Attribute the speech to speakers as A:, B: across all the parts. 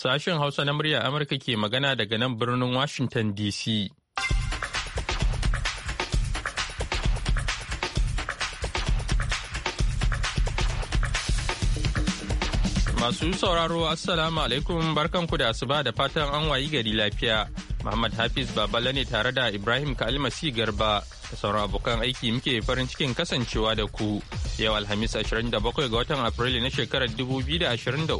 A: Sashen Hausa na murya Amurka ke magana daga nan birnin Washington DC. Masu sauraro Assalamu alaikum barkanku da asuba da fatan an wayi gari lafiya. Muhammad Hafiz Babala ne tare da Ibrahim Kalmasi Garba sauran abokan aiki muke farin cikin kasancewa da ku yau alhamis 27 ga watan afrilu na shekarar 2023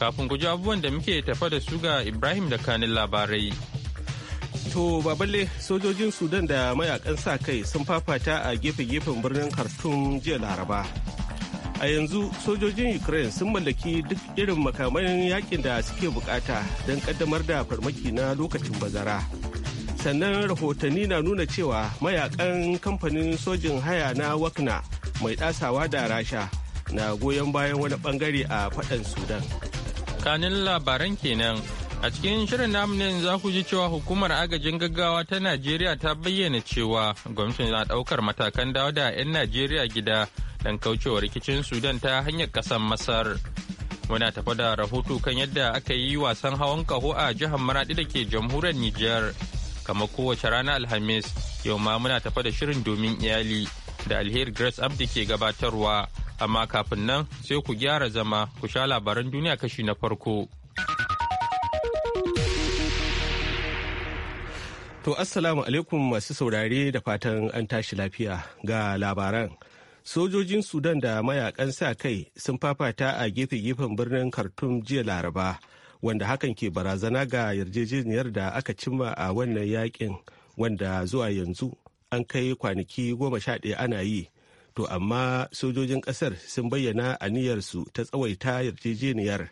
A: kafin guji abubuwan da muke tafa da su ga ibrahim da kanin labarai to baballe
B: sojojin sudan da mayakan sa kai sun fafata a gefe-gefen birnin khartoum jiya laraba a yanzu sojojin ukraine sun mallaki duk irin makaman yakin da suke bukata don kaddamar da farmaki na lokacin bazara. sannan rahotanni na nuna cewa mayakan kamfanin sojin haya na wakna mai ɗasawa da rasha na goyon bayan wani bangare a faɗan sudan
A: kanin labaran kenan a cikin shirin namunin za ku ji cewa hukumar agajin gaggawa ta najeriya ta bayyana cewa gwamnati na ɗaukar matakan dawo da 'yan najeriya gida don kaucewa rikicin sudan ta hanyar kasan masar muna tafa da rahoto kan yadda aka yi wasan hawan kaho a jihar maradi da ke jamhuriyar niger kamar kowace rana alhamis yau ma muna tafa da shirin domin iyali da alheri grace abdi ke gabatarwa amma kafin nan sai ku gyara zama ku sha labaran duniya kashi na farko to
B: assalamu alaikum masu saurare da fatan an tashi lafiya ga labaran sojojin sudan da mayakan sa kai sun fafata a gefe-gefen birnin khartoum jiya laraba wanda hakan ke barazana ga yarjejeniyar da aka cimma a wannan yakin wanda zuwa yanzu an kai kwanaki goma sha ɗaya ana yi to amma sojojin ƙasar sun bayyana aniyarsu ta tsawaita yarjejeniyar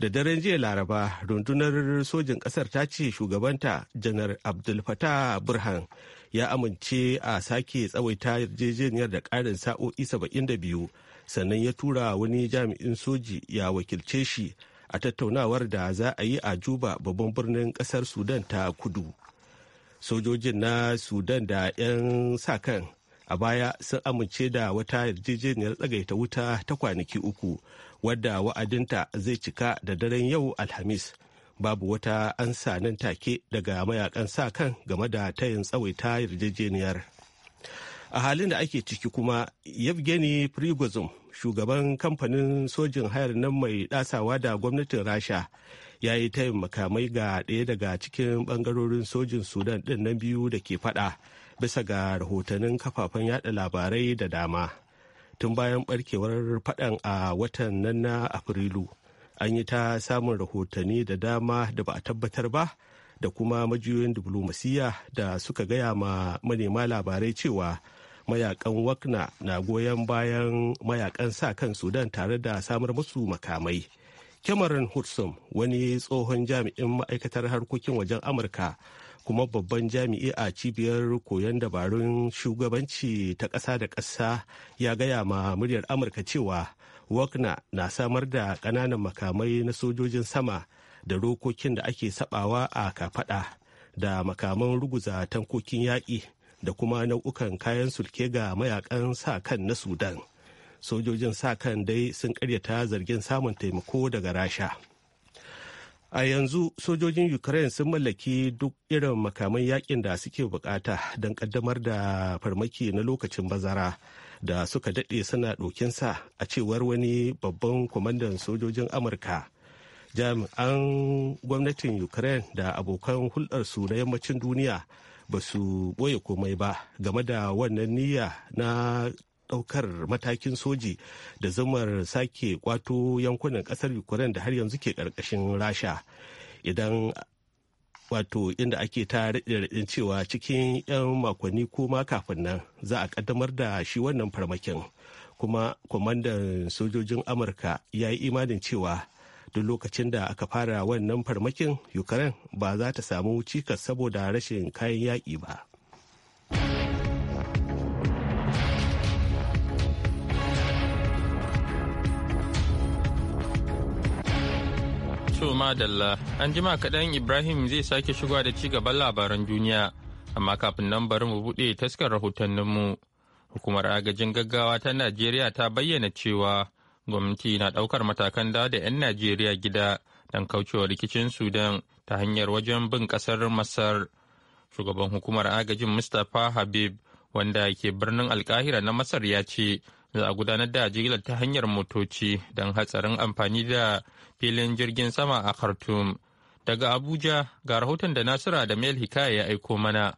B: da daren jiya laraba rundunar sojin ƙasar ta ce shugabanta janar abdul fatah burhan ya amince a sake tsawaita yarjejeniyar da ƙarin sa'o'i 72 sannan ya tura wani jami'in soji ya wakilce shi a tattaunawar da za a yi a juba babban birnin kasar sudan ta kudu sojojin na sudan da 'yan sa kan a baya sun amince da wata yarjejeniyar tsagaita wuta ta kwanaki uku wadda wa'adinta zai cika da daren yau alhamis babu wata ansa nan take daga mayakan sa kan game da tayin tsawaita yarjejeniyar a halin da ake ciki kuma yevgeny prigozhin shugaban kamfanin sojin hayar nan mai dasawa da gwamnatin rasha ya yi tayin makamai ga ɗaya daga cikin bangarorin sojin sudan ɗin nan biyu da ke fada bisa ga rahotannin kafafen yada labarai da dama tun bayan barkewar fadan a watan nan na afrilu an yi ta samun rahotanni da dama da ba a tabbatar ba da kuma majiyoyin diflomasiyya da suka gaya ma manema labarai cewa mayakan wakna na goyon bayan mayakan sa kan sudan tare da samar musu makamai cameron hudson wani tsohon jami'in ma'aikatar harkokin wajen amurka kuma babban jami'i a cibiyar koyon dabarun shugabanci ta ƙasa da ƙasa ya gaya ma muryar amurka cewa wakna na samar da ƙananan makamai na sojojin sama da rokokin da ake sabawa a kafada da makaman ruguza tankokin yaƙi da kuma nau'ukan kayan sulke ga mayakan sa kan na sudan sojojin sa kan dai sun karyata zargin samun taimako daga rasha a yanzu sojojin ukraine sun mallaki duk irin makaman yakin da suke bukata don kaddamar da farmaki na lokacin bazara da suka daɗe suna ɗokinsa a cewar wani babban kwamandan sojojin amurka jami'an gwamnatin ukraine da abokan hulɗarsu na yammacin duniya ba su ɓoye komai ba game da wannan niyya na ɗaukar matakin soji da zumar sake kwato yankunan ƙasar ukraine da har yanzu ke ƙarƙashin rasha idan wato inda ake ta raɗin cewa cikin 'yan makonni ko ma kafin nan za a ƙaddamar da shi wannan farmakin kuma kwamandan sojojin amurka ya yi imanin cewa duk lokacin da aka fara wannan farmakin ukraine ba za ta samu cikas saboda rashin kayan yaƙi ba
A: to madalla an jima kaɗan ibrahim zai sake shiga da ci gaban labaran duniya amma kafin nan bari mu buɗe taskar rahotanninmu hukumar agajin gaggawa ta najeriya ta bayyana cewa gwamnati na ɗaukar matakan da da 'yan najeriya gida don kaucewa rikicin sudan ta hanyar wajen bin ƙasar masar shugaban hukumar agajin mustapha habib wanda ke birnin alkahira na masar ya ce za a gudanar da jigilar ta hanyar motoci don hatsarin amfani da filin jirgin sama a khartoum daga abuja ga rahoton da nasira da mail hikaya ya aiko mana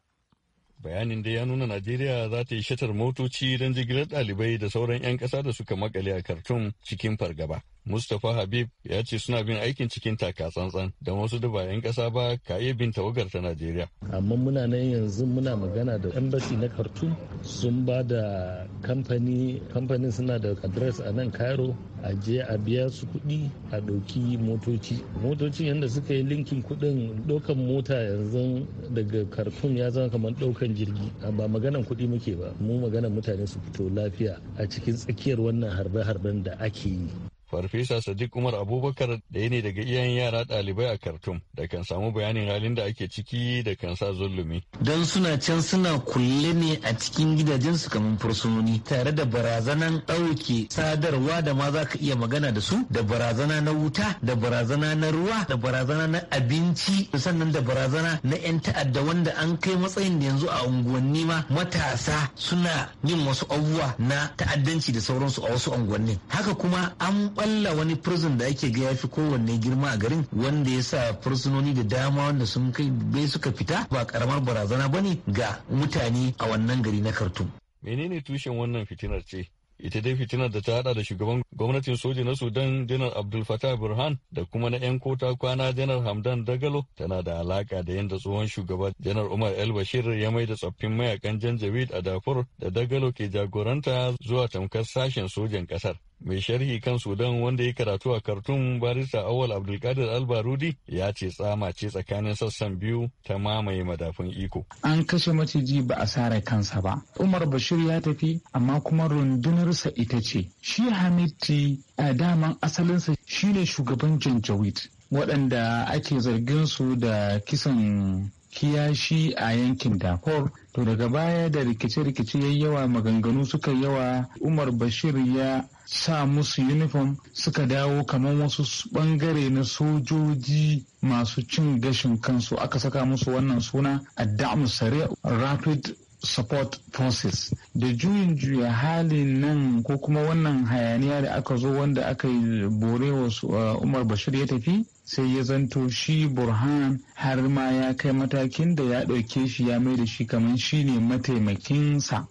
C: Bayanin da ya nuna Najeriya za ta yi shatar motoci don jigilar ɗalibai da sauran 'yan ƙasa da suka makale a Khartoum cikin fargaba. Mustapha Habib ya ce suna bin aikin cikin taka tsantsan da wasu da 'yan kasa ba ka iya bin tawagar ta Najeriya.
D: Amma muna nan yanzu muna magana da embassy na Khartoum sun ba da kamfani kamfanin suna da adres a nan Cairo a je a biya su kuɗi a ɗauki motoci. Motoci yadda suka yi linkin kuɗin ɗaukan mota yanzu daga Khartoum ya zama kamar ɗaukan jirgi ba maganan kuɗi muke ba mu maganan mutane su fito lafiya a cikin tsakiyar wannan harbe-harben da ake yi.
C: Farfesa Sadiq Umar Abubakar ɗaya ne daga iyayen yara ɗalibai a Khartoum da kan samu bayanin halin da ake ciki da kan sa zulumi.
D: Don suna can suna kulle ne a cikin gidajensu kamar fursunoni tare da barazanan ɗauke sadarwa da ma za ka iya magana da su da barazana na wuta da barazana na ruwa da barazana na abinci sannan da barazana na 'yan ta'adda wanda an kai matsayin da yanzu a unguwanni ma matasa suna yin wasu abubuwa na ta'addanci da sauransu a wasu unguwannin. Haka kuma an balla wani prison da ake ga fi kowanne girma a garin wanda ya sa fursunoni da dama wanda sun kai bai suka fita ba karamar barazana ba ne
E: ga mutane a wannan gari na kartum.
C: Menene tushen wannan fitinar ce? Ita dai fitinar da ta hada da shugaban gwamnatin soja na Sudan Janar Abdul Fattah Burhan da kuma na 'yan kota kwana Janar Hamdan Dagalo tana da alaka da yadda tsohon shugaban Janar Umar El Bashir ya mai da tsoffin mayakan Janjaweed a dafur da Dagalo ke jagoranta zuwa tamkar sashen sojan kasar. mai sharhi kan sudan wanda ya karatu a kartun barista awal abdulkadir albarudi ya ce tsama ce tsakanin sassan biyu ta mamaye madafin iko
F: an kashe maciji ba a sare kansa ba umar bashir ya tafi amma kuma rundunarsa ita ce shi hamiti a daman asalinsa shine shugaban janjawid waɗanda ake zargin su da kisan kiyashi a yankin Dakor. To daga baya da rikice-rikice ya yawa maganganu suka yawa Umar Bashir ya sa musu uniform suka dawo kamar wasu bangare na sojoji masu cin gashin kansu aka saka musu wannan suna Adamu Sare Rapid support forces da juyin juya halin nan ko kuma wannan hayaniya da aka zo wanda aka yi bore wa uh, umar bashir ya tafi sai ya zanto shi burhan har ma ya kai matakin da ya ɗauke shi ya mai da shi kamar shi ne mataimakinsa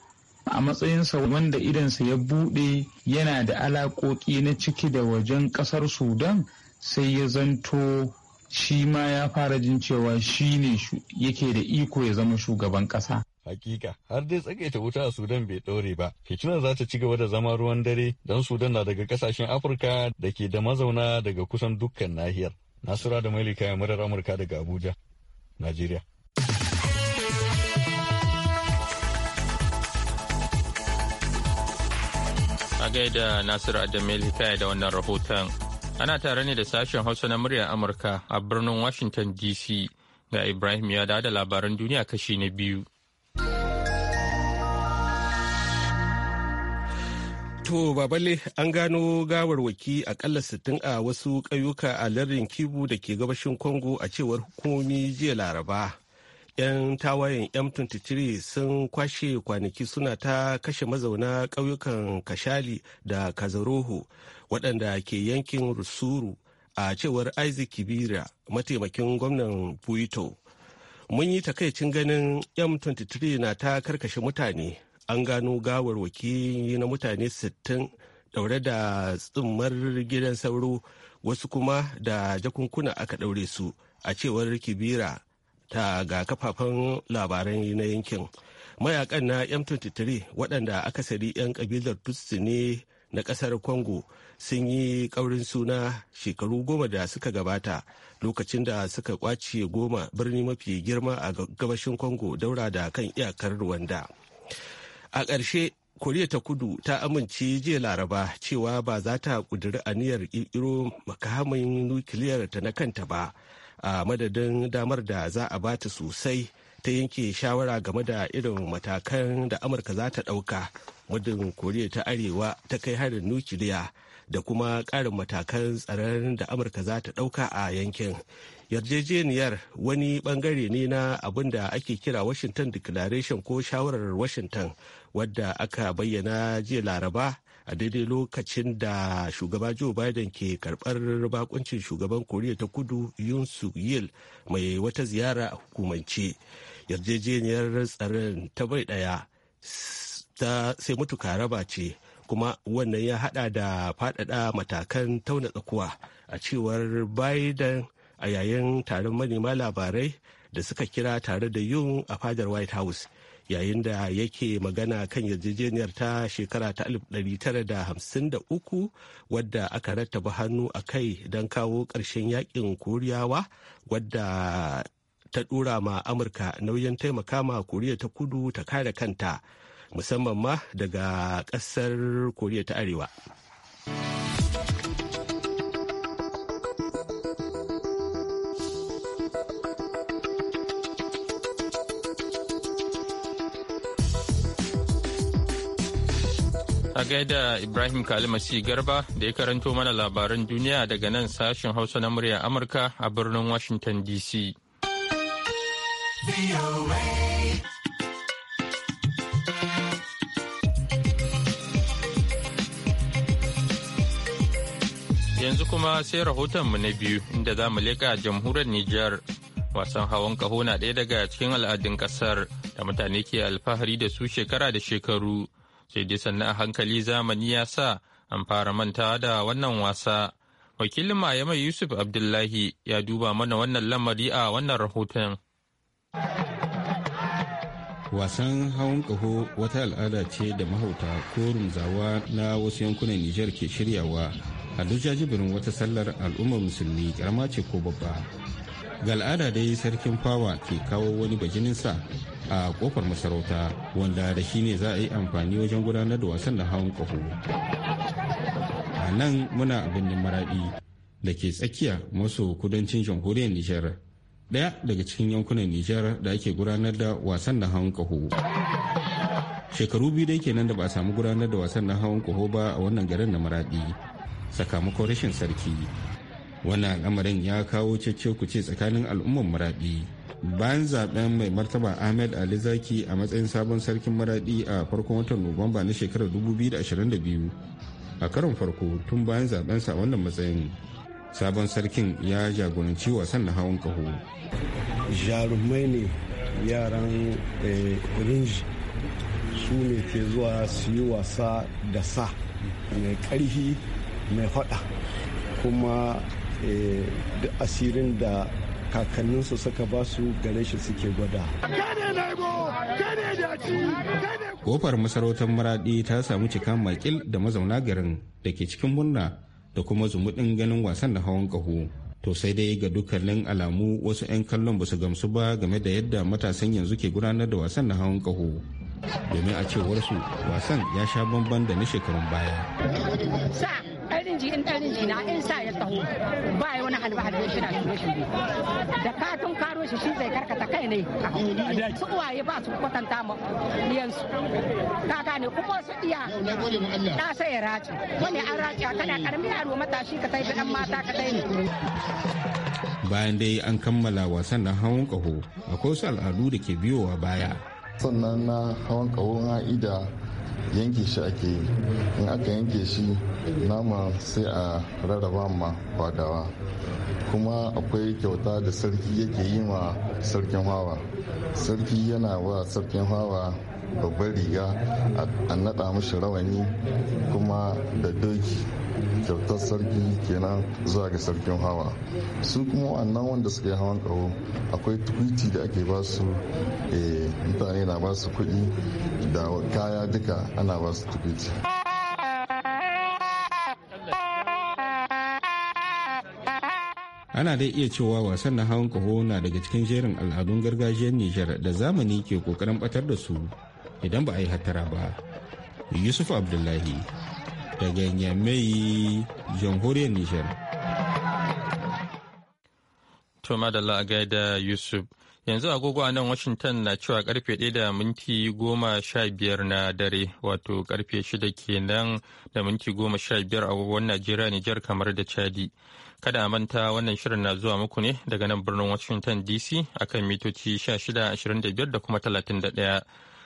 F: a matsayinsa wanda idansa ya buɗe yana da alaƙoƙi na ciki da wajen ƙasar sudan sai ya zanto shi ma ya fara jin cewa shi ne yake da iko ya zama shugaban
C: ƙasa hakika har dai tsagaita wuta a sudan bai ɗaure ba fitinar za ta ci gaba da zama ruwan dare don sudan na daga kasashen afirka da ke da mazauna daga kusan dukkan nahiyar Nasura da Mailika ya murar Amurka daga Abuja, Najeriya.
A: A gaida Nasiru Adamel Hikaya da wannan rahoton. Ana tare ne da sashen Hausa na muryar Amurka a birnin Washington DC ga Ibrahim ya da labaran duniya kashi na biyu. To
B: Babale, an gano gawarwaki akalla sittin a wasu ƙauyuka a lardin Kibu da ke gabashin Congo a cewar hukumomi jiya Laraba. 'Yan tawayen M23 sun kwashe kwanaki suna ta kashe mazauna ƙauyukan Kashali da Kazaroho waɗanda ke yankin Rusuru a cewar Isaac Kibira mataimakin gwamnan Puito. Mun yi takaicin ganin M23 na ta karkashe mutane. an gano gawar gawarwaki na mutane 60 daure da tsummar gidan sauro wasu kuma da jakunkuna aka daure su a cewar kibira ta ga kafafen labaran na yankin mayakan na m23 waɗanda akasari 'yan kabilar tutsi ne na ƙasar congo sun yi ƙaurin suna shekaru goma da suka gabata lokacin da suka kwace goma birni mafi girma a gabashin congo daura da kan iyakar rwanda a ƙarshe koriya ta kudu ta amince jiya laraba cewa ba za ta kuduri aniyar ƙirƙiro makamin nukiliyar ta na kanta ba a madadin damar da za a bata sosai ta yanke shawara game da irin matakan da amurka za ta ɗauka muddin koriya ta arewa ta kai harin nukiliya da kuma ƙarin matakan tsaron da amurka za ta ɗauka a yankin yarjejeniyar wani bangare ne na abin da ake kira washington declaration ko shawarar washington wadda aka bayyana jiya laraba a daidai lokacin da shugaba joe biden ke karbar bakuncin shugaban koriya ta kudu yun su yil mai wata ziyara a hukumance yarjejeniyar tsaron ta bai daya ta sai mutuka raba ce kuma wannan ya hada da fadada matakan tauna tsakuwa a cewar biden a yayin taron manema labarai da suka kira tare da yun a fadar white house yayin da yake magana kan yarjejeniyar ta shekara ta 1953 wadda aka rattaba hannu a kai don kawo ƙarshen yakin koriyawa wadda ta ɗora ma amurka nauyin taimaka ma koriya ta kudu ta kare kanta musamman ma daga ƙasar koriya ta arewa.
A: A gaida Ibrahim Kalimasi Garba da ya karanto mana labaran duniya daga nan sashen Hausa na murya Amurka a birnin Washington DC. Yanzu kuma sai rahotonmu na biyu inda za mu leƙa jamhuriyar Nijar. Wasan hawan kaho na ɗaya daga cikin al'adun ƙasar da mutane ke alfahari da su shekara da shekaru. sai dai sannan a hankali zamani ya sa an fara manta da wannan wasa wakilin mayama yusuf abdullahi ya duba mana wannan lamari a wannan rahoton
G: wasan hawan kaho wata al'ada ce da mahauta ko rumzawa na wasu yankunan nijar ke shiryawa a duk jajibirin wata sallar al'ummar musulmi karama ce ko babba ga al'ada dai sarkin fawa ke kawo wani bajinin sa a kofar masarauta wanda da shi ne za a yi amfani wajen gudanar da wasan da hawan kaho a nan muna birnin maraɗi da ke tsakiya maso kudancin jamhuriyar nijar ɗaya daga cikin yankunan nijar da ake gudanar da wasan da hawan kaho shekaru biyu dai kenan da ba a samu gudanar da wasan na hawan kaho ba a wannan garin na maraɗi sakamakon rashin sarki wannan al'amarin ya kawo cece-kuce tsakanin al'ummar maraɗi bayan zaben mai martaba ahmed ali zaki a matsayin sabon sarkin maradi a farkon watan nuwamba na shekarar 2022 a karon farko tun bayan zaben sa wannan matsayin sabon sarkin ya jagoranci wasan na hawan kaho jarumai ne yaran eh, rinji su ne ke zuwa su yi wasa da sa
D: mai ƙarfi mai faɗa kuma Eh, asirin da kakanninsu saka ba su gare shi suke gwada.
G: Kofar masarautar maraɗi ta samu cika makil da mazauna garin da ke cikin murna da kuma zumuɗin ganin wasan da hawan ƙaho. To sai dai ga dukkanin alamu wasu 'yan kallon ba su gamsu ba game da yadda matasan yanzu ke gudanar da wasan na hawan ƙaho. domin a cewar su wasan ya sha bamban da na shekarun baya.
H: inji in dan inji na in sa ya taho ba ya wani hannu ba hannu shi na shirye shirye da katon karo shi shi zai karkata kai ne su uwaye ba su kwatanta ma yansu ka gane kuma su iya da sai ya race
C: wani an race kana
H: karmi yaro matashi ka tai dan mata ka tai ne
G: bayan dai an kammala wasan na hawan kaho akwai wasu al'adu da ke biyowa baya sannan na hawan kaho na ida yanke shi ake yi in aka yanke shi nama sai a rarraba ma fadawa kuma akwai kyauta da sarki yake yi ma sarkin hawa sarki yana wa sarkin hawa babbar riga a naɗa mashi rawani kuma da doki kyautar sarki kenan zuwa ga sarkin hawa su kuma wannan wanda suka yi hawan kawo akwai tukwiti da ake ba su eh, mutane na ba su kuɗi da kaya duka ana ba su tukwiti ana dai iya cewa wasan na hawan kaho na daga cikin jerin al'adun gargajiyar nijar da zamani ke kokarin batar da su idan ba a yi hatara ba yusuf abdullahi daga nyamai jamhuriyar nijar
A: to madalla a gaida yusuf yanzu agogo a nan washington na cewa karfe 1 da minti goma sha biyar na dare wato karfe 6 kenan da minti goma sha biyar agogon najeriya nijar kamar da chadi kada a manta wannan shirin na zuwa muku ne daga nan birnin washington dc akan mitoci 16 25 da kuma 31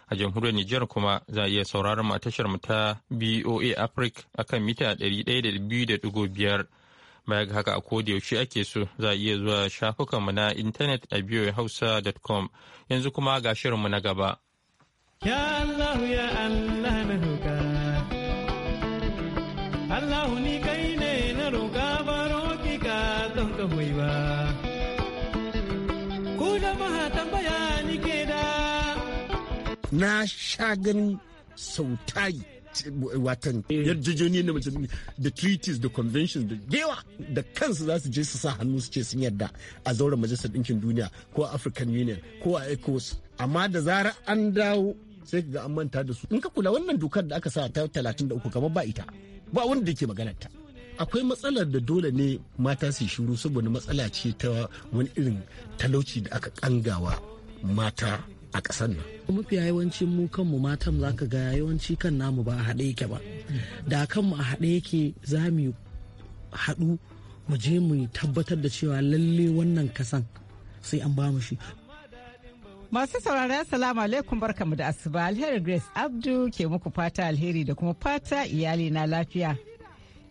A: a jamhuriyar Nijar kuma za a iya sauraron mu a tashar mu ta BOA Africa akan mita 102.5 baya ga haka a koda yaushe ake so za a iya zuwa shafukan mu na intanet a boahausa.com yanzu kuma ga shirin mu na gaba
C: ya Allah ya Allah na roka Allah ni kai ne na roka baro ki ka don ka ba
D: na sha ganin watan eh, yarjejeniyar da mace da treaties da conventions da yawa da kansu za su je su sa hannu su ce sun yarda a zauren majalisar ɗinkin duniya ko a african union ko a ecos amma da zarar an dawo sai ga an manta da su in ka kula wannan dokar da aka sa ta 33 kamar ba ita ba wanda ke maganarta. akwai matsalar da dole ne mata su shiru saboda matsala ce ta wani irin talauci da aka kangawa mata a kasar nan
E: mafiya yawancin mu kanmu matan za ka ga yawanci kan namu ba a haɗe yake ba da kanmu a haɗe yake za mu haɗu mu je mu tabbatar da cewa lalle wannan kasan sai an ba mu shi
H: Masu saurari assalamu alaikum barkamu da asuba alheri Grace Abdu ke muku fata alheri da kuma fata iyali na lafiya.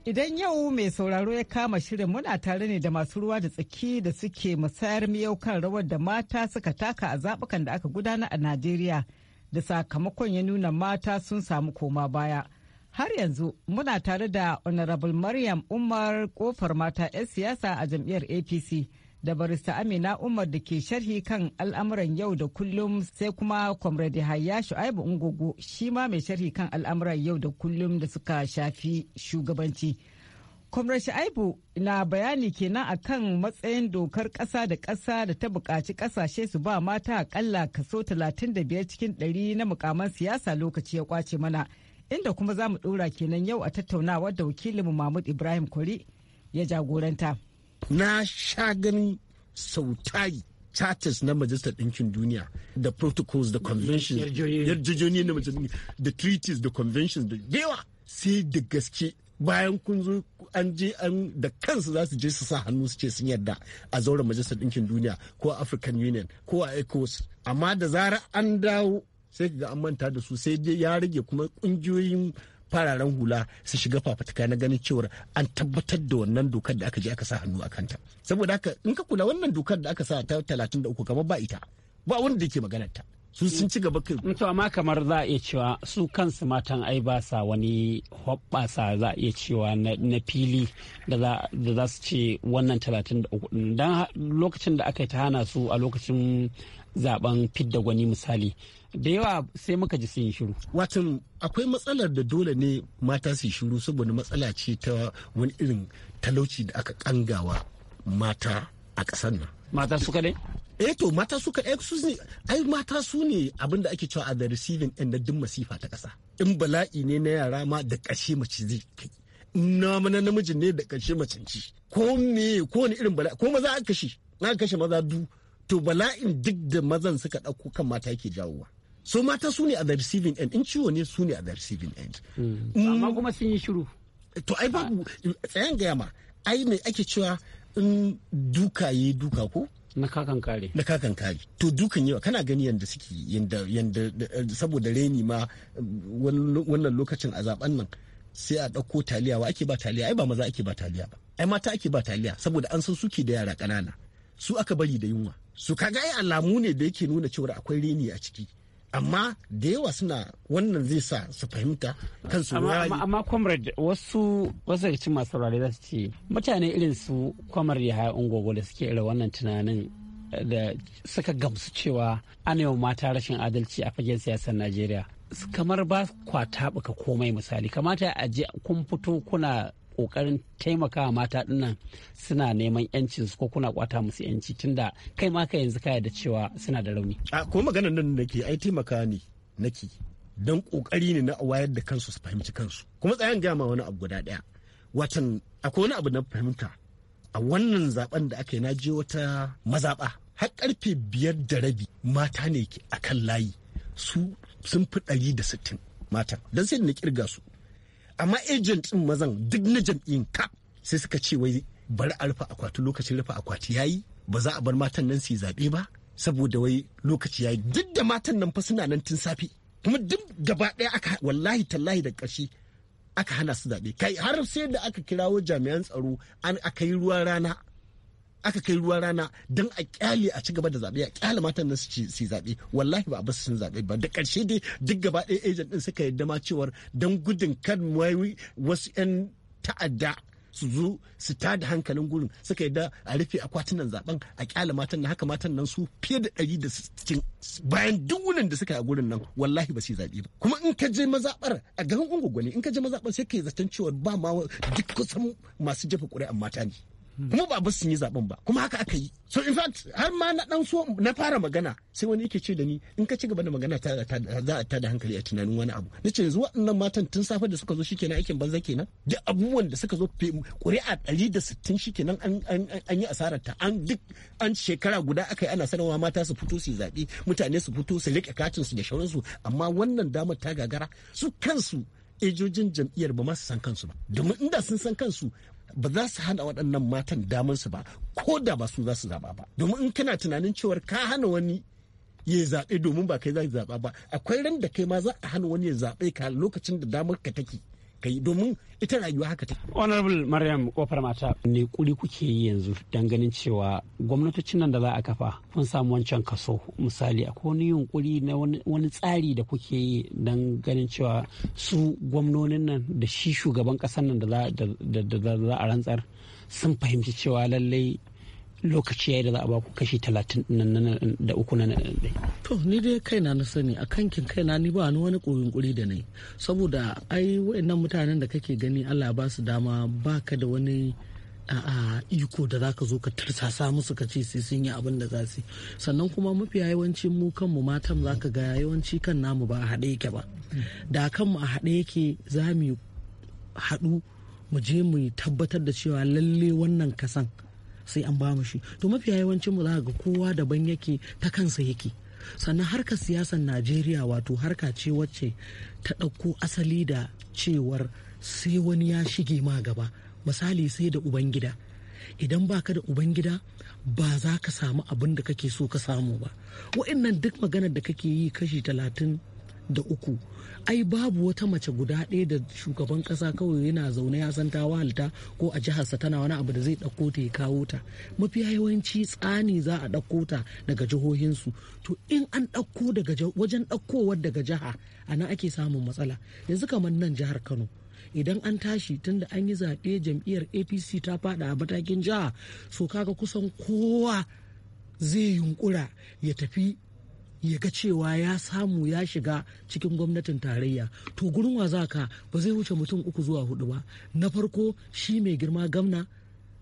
H: Idan yau mai sauraro ya kama shirin muna tare ne da masu ruwa da tsaki da suke musayar miyau kan rawar da mata suka taka a zabukan da aka gudana a Najeriya da sakamakon ya nuna mata sun samu koma baya. Har yanzu muna tare da Honorable Maryam Umar kofar mata 'yan siyasa a jam'iyyar APC. da barista Amina Umar da ke sharhi kan al'amuran yau da kullum sai kuma Comrade Hayya Shu'aibu Ungogo shi ma mai sharhi kan al'amuran yau da kullum da suka shafi shugabanci. Comrade Shu'aibu na bayani kenan a kan matsayin dokar kasa da kasa da ta bukaci kasashe su ba mata akalla kaso 35 cikin 100 na mukaman siyasa lokaci ya kwace mana. Inda kuma za mu ɗora kenan yau a tattaunawa da wakilinmu Mahmud Ibrahim kwari ya jagoranta. na sha ganin
D: sautari charters na majalisar ɗinkin duniya da protocols da conventions yarjejeniya na majalisar ɗinkin da treaties da conventions da yawa sai da gaske bayan kun zo an je an da kansu za su je su sa hannu su ce sun yarda a zauren majalisar ɗinkin duniya ko a african union ko a ecos amma da zarar an dawo sai ga an manta da su sai dai ya rage kuma ƙungiyoyin fararen hula su shiga fafutuka na ganin cewar an tabbatar da wannan dokar da aka je aka sa hannu a kanta saboda haka in ka
I: kula wannan dokar da aka sa ta talatin da uku kamar ba ita ba wanda ke maganar ta su sun ci gaba kai to amma kamar za a iya cewa su kansu matan ai ba sa wani hoɓɓasa za a iya cewa na fili da za su ce wannan talatin da uku dan lokacin da aka yi ta hana su a lokacin zaben fidda gwani misali da yawa sai muka ji sun yi shiru. Watan akwai matsalar da dole ne mata su yi shiru saboda
D: matsala ce ta wani irin talauci da aka kangawa mata a ƙasar nan. Mata su kaɗai? Eh to mata su kaɗai su ne ai mata su ne abin da ake cewa a da receiving end na duk masifa ta ƙasa. In bala'i ne na yara ma da ƙashe mace zai kai. Na mana namijin ne da ƙashe mace ci. Ko me ko wani irin bala'i ko maza aka kashe. Na kashe maza du to bala'in duk da mazan suka ɗauko kan mata yake jawowa so mata su ne a the receiving end in ciwo ne su ne a the receiving end hmm. mm. amma kuma sun yi shiru to ai babu tsayan gaya ma ai mai ake cewa in duka yi duka ko na kakan kare na kakan kare to dukan yawa kana gani yadda suke yadda yadda saboda reni ma wannan lokacin a zaben nan sai a ɗauko taliya wa ake ba taliya ai ba maza ake ba taliya ba ai mata ake ba taliya saboda an san suke da yara ƙanana su aka bari da yunwa su kaga ai alamu ne da yake nuna cewa akwai reni a ciki
I: amma da yawa suna wannan zai sa su fahimta kansu amma amma comrade wasu wasu cikin masu saurare za su ce mutane irin su kwamar ya haya ungogo da suke irin wannan tunanin eh, da suka gamsu cewa ana yau mata rashin adalci a fagen siyasar najeriya kamar ba kwa taɓuka komai misali kamata a je kun fito kuna kokarin taimakawa mata dinnan suna neman yancin su ko kuna kwata musu yanci tunda kai ma ka yanzu kaya da cewa suna da rauni
D: a kuma maganar nan da nake
I: ai taimaka
D: ne nake don kokari ne na wayar da kansu su fahimci kansu kuma tsayan gama wani abu guda daya watan akwai wani abu na fahimta a wannan zaben da aka yi na je wata mazaba har karfe biyar da rabi mata ne ke akan layi su sun fi ɗari da sittin mata don sai da na kirga su amma agent din mazan duk na jam'in ka sai suka ce wai bari a rufe akwati lokacin rufe akwati yayi ba za a bar matan nan su yi zaɓe ba saboda wai lokaci yayi duk da matan nan fa suna nan tun safe kuma duk gaba ɗaya aka wallahi tallahi da ƙarshe aka hana su zaɓe kai har sai da aka kirawo jami'an tsaro an aka yi ruwan rana aka kai ruwa rana don a kyale a ci gaba da zaɓe a kyale matan nan su ci zaɓe wallahi ba a basu sun zaɓe ba da ƙarshe dai duk gaba ɗaya agent ɗin suka yadda ma cewar don gudun kan wasu 'yan ta'adda su zo su ta da hankalin gurin suka yadda a rufe akwatunan zaben a kyale matan nan haka matan nan su fiye da ɗari da cikin bayan duk wurin da suka yi a gurin nan wallahi ba su zaɓe ba kuma in ka je mazaɓar a garin ungwagwani in ka je mazaɓar sai ka yi zaton cewa ba ma duk kusan masu jefa ƙuri'an mata ne kuma ba sun yi zaben ba kuma haka aka yi so in fact har ma na dan so na fara magana sai wani yake ce da ni in ka ci gaba da magana za a tada hankali a tunanin wani abu na ce yanzu waɗannan matan tun safe da suka zo shikenan aikin banza kenan duk abubuwan da suka zo ƙuri'a ɗari da sittin shikenan an yi asarar ta an duk an shekara guda aka yi ana sanarwa mata su fito su zaɓe mutane su fito su riƙe katin su da shauransu amma wannan damar ta gagara su kansu ejojin jam'iyyar ba ma su san kansu ba domin inda sun san kansu ba za su hana waɗannan matan damar su ba ko da ba su za su zaɓa ba domin in kana tunanin cewar ka hana wani ya zaɓe domin ba kai za zaɓa ba
I: akwai ran da kai ma za a hana
D: wani ya zaɓe ka lokacin da damar ka take aka yi domin ita
I: rayuwa haka ta. honorable maryam kofar mata ne kuri kuke yi yanzu don ganin cewa gwamnatocin nan da za a kafa kun samu wancan kaso misali akwai wani yunkuri na wani tsari da kuke yi don ganin cewa su gwamnonin nan da shi shugaban kasan nan da za a rantsar sun fahimci cewa lallai lokaci yi da za a baku kashi talatin da uku na
E: to ni dai kaina na sani a kankin kaina ni ba ni wani kuri da nai saboda ai wayannan mutanen da kake gani allah ba su dama baka da wani a iko da zaka zo ka tursasa musu ka ce sai sun yi abin da za su sannan kuma mafi yawancin mu kanmu matan zaka ga yawanci kan namu ba a haɗe yake ba da kanmu a haɗe yake za mu haɗu mu je mu tabbatar da cewa lalle wannan kasan sai an ba mu shi to mafi yawancin mu za ga kowa daban yake ta kansa yake sannan harkar siyasar najeriya wato harka ce wacce ta ɗauko asali da cewar sai wani ya shige ma gaba misali sai da ubangida idan ba ka da ubangida ba za ka samu abin da kake so ka samu ba wa'annan duk maganar da kake yi kashi talatin da uku ai babu wata mace guda ɗaya da shugaban ƙasa kawai yana zaune ya san ta wahalta ko a jiharsa tana wani abu da zai ɗauko ta ya kawo ta mafi yawanci tsani za a ɗauko ta daga jihohinsu to in an ɗauko daga wajen ɗaukowar daga jiha a nan ake samun matsala yanzu kamar nan jihar kano idan an tashi tunda an yi zaɓe jam'iyyar apc ta faɗa a matakin jiha so kaga kusan kowa zai yunkura ya tafi ya ga cewa ya samu ya shiga cikin gwamnatin tarayya to gurin wa za ka ba zai wuce mutum uku zuwa hudu ba na farko shi mai girma gamna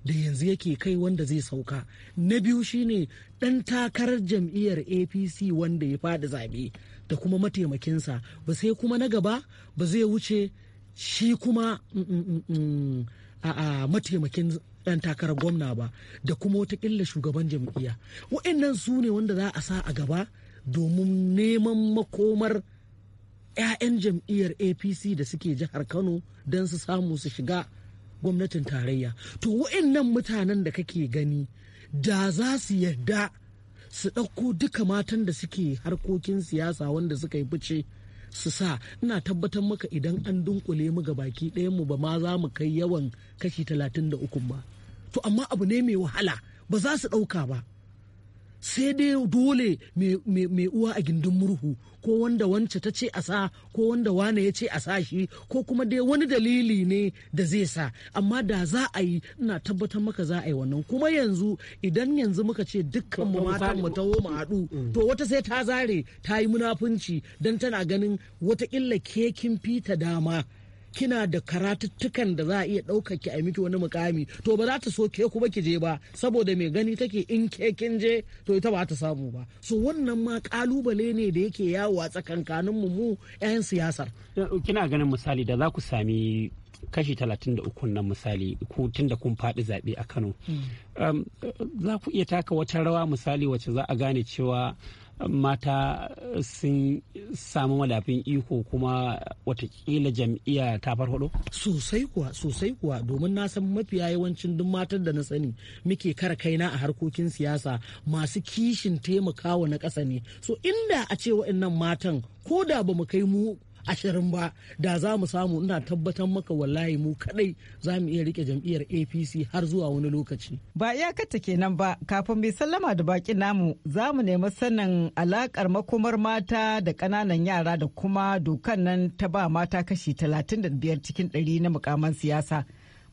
E: da yanzu yake kai wanda zai sauka na biyu shine dan takarar jam'iyyar apc wanda ya fadi zabe da kuma mataimakinsa ba sai kuma na gaba ba zai wuce shi kuma mm, mm, mm, a mataimakin dan takarar gwamna ba da kuma watakila shugaban jam'iyya wa'annan su ne wanda za a sa a gaba domin neman makomar 'ya'yan jam'iyyar apc da suke jihar kano don su samu su shiga gwamnatin tarayya to wa'annan mutanen da kake gani da za su yarda su ɗauko duka matan da suke harkokin siyasa wanda suka yi fice su sa ina tabbatar maka idan an dunkule mu ga baki mu ba ma za mu kai yawan kashi talatin da ukun ba to amma abu ne mai wahala ba za su ɗauka ba sai dai dole mai uwa a gindin murhu ko wanda wance ta ce a sa ko wanda wane ya ce a sa shi ko kuma dai wani dalili ne da zai sa amma da za a yi ina tabbatar maka za a yi wannan kuma yanzu idan yanzu muka ce dukkan mu matan mu taho mu haɗu mm. to wata sai ta zare ta yi munafunci don tana ganin wata illa kekin fita dama kina da karatuttukan da za a iya ɗaukar ki a miki wani mukami to ba za ta so ke ku ba ki je ba saboda mai gani take in ke kin je to ita ba ta samu ba so wannan ma kalubale ne da yake yawo a tsakankanin mu mu 'yan siyasar
I: kina ganin misali da za ku sami kashi talatin uku nan misali tun da kun faɗi zaɓe a kano hmm. um, za ku iya taka wata rawa misali wacce za a gane cewa mata sun
E: samu madafin iko kuma watakila jam'iyya ta farfado? Sosai kuwa, sosai kuwa domin na san mafiya yawancin duk matar da na sani muke kara kaina a harkokin siyasa masu kishin taimakawa na ƙasa ne. So inda a ce waɗannan matan ko da ba mu kai mu ashirin ba da za mu samu ina tabbatar maka wallahi mu kadai
H: za mu iya rike jam'iyyar apc har zuwa wani lokaci ba iyakarta kenan ba kafin mai sallama da baƙin namu za mu nemi sanin alakar makomar mata da ƙananan yara da kuma dokan nan ta ba mata kashi talatin da biyar cikin ɗari na mukaman siyasa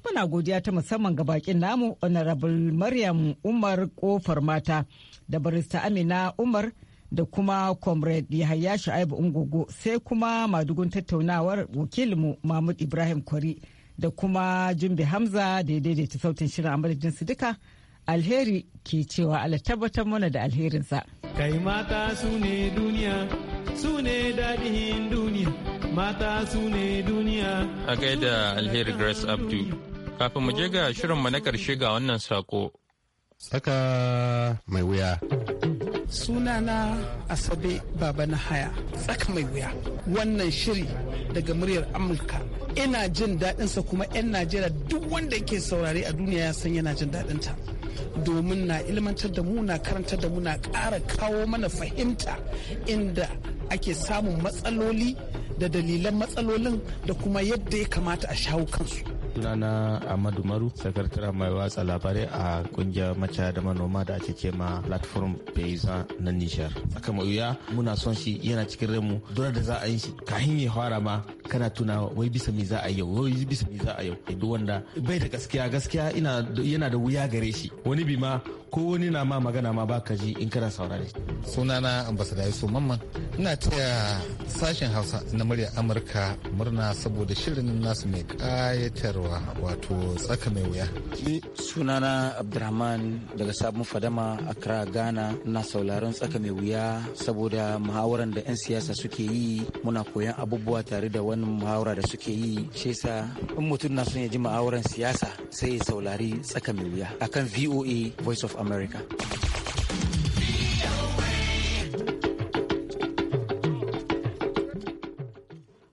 H: muna godiya ta musamman ga bakin namu honorable maryam umar kofar mata da barista amina umar da kuma comrade yahaya shu'aibu ungogo sai kuma madugun tattaunawar wakilinmu mahmud ibrahim kwari da kuma jumbe hamza da ya daidaita sautin shirin a su duka alheri ke cewa ala tabbatar mana da alherinsa kai mata su ne duniya su ne daɗin duniya mata su ne duniya
A: a gaida alheri grace abdu kafin mu je ga shirinmu na ƙarshe ga wannan sako tsaka
G: mai wuya.
I: sunana asabe baba na haya tsaka
D: mai wuya wannan shiri daga muryar amurka ina jin daɗinsa kuma 'yan najeriya duk wanda yake saurare a duniya ya san yana jin daɗinta domin na ilmantar da mu na karantar da mu na ƙara kawo mana fahimta inda ake samun matsaloli da dalilan matsalolin da kuma yadda ya kamata a shawo kansu
G: Sunana Ahmadu Maru, sakataren mai watsa labarai a kungiyar maca da manoma da ake
B: ce ma platform Paysan na Nijar. Saka muna son shi yana cikin remu dole da za a yi shi kahin ya fara ma kana tuna wai bisa me za a yau wai bisa me za a yau duk wanda bai da gaskiya gaskiya ina yana da wuya gare shi wani bi ma ko wani na ma magana ma baka ji in kana saurare sunana ambassador Yusuf Mamman
G: ina taya sashen Hausa na murya Amurka murna saboda shirin nasu mai kayatarwa wato tsaka mai wuya
E: ni sunana Abdurrahman daga sabon fadama Accra Ghana na sauraron tsaka mai wuya saboda muhawaran da 'yan siyasa suke yi muna koyan abubuwa tare da wani wannan muhawara da suke yi shi yasa in mutum na son ya ji muhawaran siyasa sai ya saurari tsaka mai wuya akan VOA Voice of America.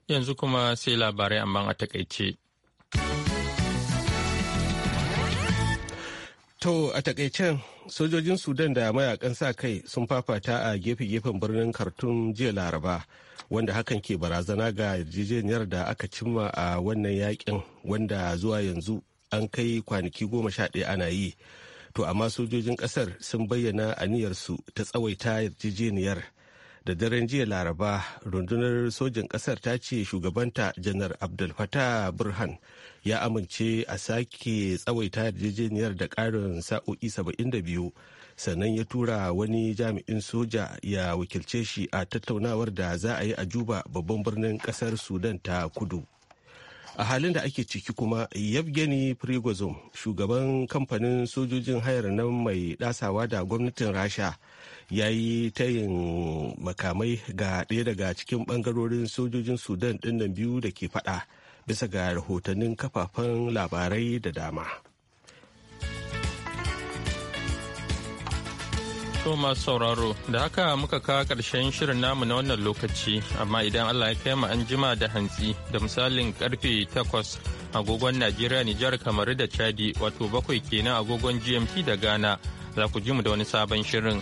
A: Yanzu kuma sai labarai amma a takaice. To a takaicen sojojin
B: sudan da mayakan sa kai sun fafata a gefe-gefen birnin kartun jiya laraba wanda hakan ke barazana ga yarjejeniyar da aka cimma a wannan yakin wanda zuwa yanzu an kai kwanaki goma sha ɗaya ana yi to amma sojojin ƙasar sun bayyana aniyarsu ta tsawaita yarjejeniyar da daren jiya laraba rundunar sojin ƙasar ta ce shugabanta janar abdul fatah burhan ya amince a sake tsawaita yarjejeniyar da ƙarin sa'o'i 72 sannan ya tura wani jami'in soja ya wakilce shi a tattaunawar da za a yi a juba babban birnin ƙasar sudan ta kudu a halin da ake ciki kuma yevgeny prigozhin shugaban kamfanin sojojin hayar na mai dasawa da gwamnatin rasha ya yi tayin makamai ga ɗaya daga cikin ɓangarorin sojojin sudan ɗin biyu da ke faɗa bisa ga rahotannin kafafen labarai da dama.
A: To masu sauraro, da haka muka kawo ƙarshen shirin namu na wannan lokaci, amma idan Allah ya kai mu an jima da hantsi da misalin karfe takwas agogon Najeriya, Nijar, Kamaru da Chadi, wato bakwai kenan agogon GMT da Ghana, za ku ji mu da wani sabon shirin.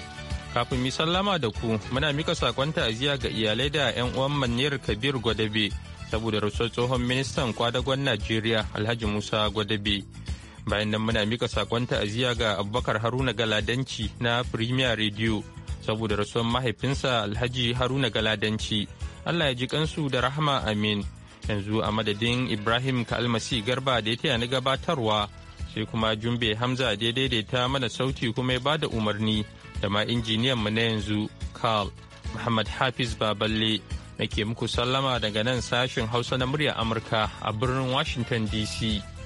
A: Kafin mi sallama da ku, muna mika sakon ta'aziyya ga iyalai da 'yan uwan Maniyar Kabir Gwadabe, saboda rasuwar tsohon ministan kwadagon Najeriya Alhaji Musa Gwadabe. Bayan nan muna mika sakon ta'aziyya ga Abubakar Haruna Galadanci na Premier Radio saboda rasuwar mahaifinsa Alhaji Haruna Galadanci. Allah ya ji kansu da rahama amin. Yanzu a madadin Ibrahim Kalmasi Garba da ya taya na gabatarwa sai kuma Jumbe Hamza da ya daidaita mana sauti kuma ya bada umarni da ma injiniyan mu na yanzu Carl Muhammad Hafiz Baballe. nake muku sallama daga nan sashin hausa na murya amurka a birnin washington dc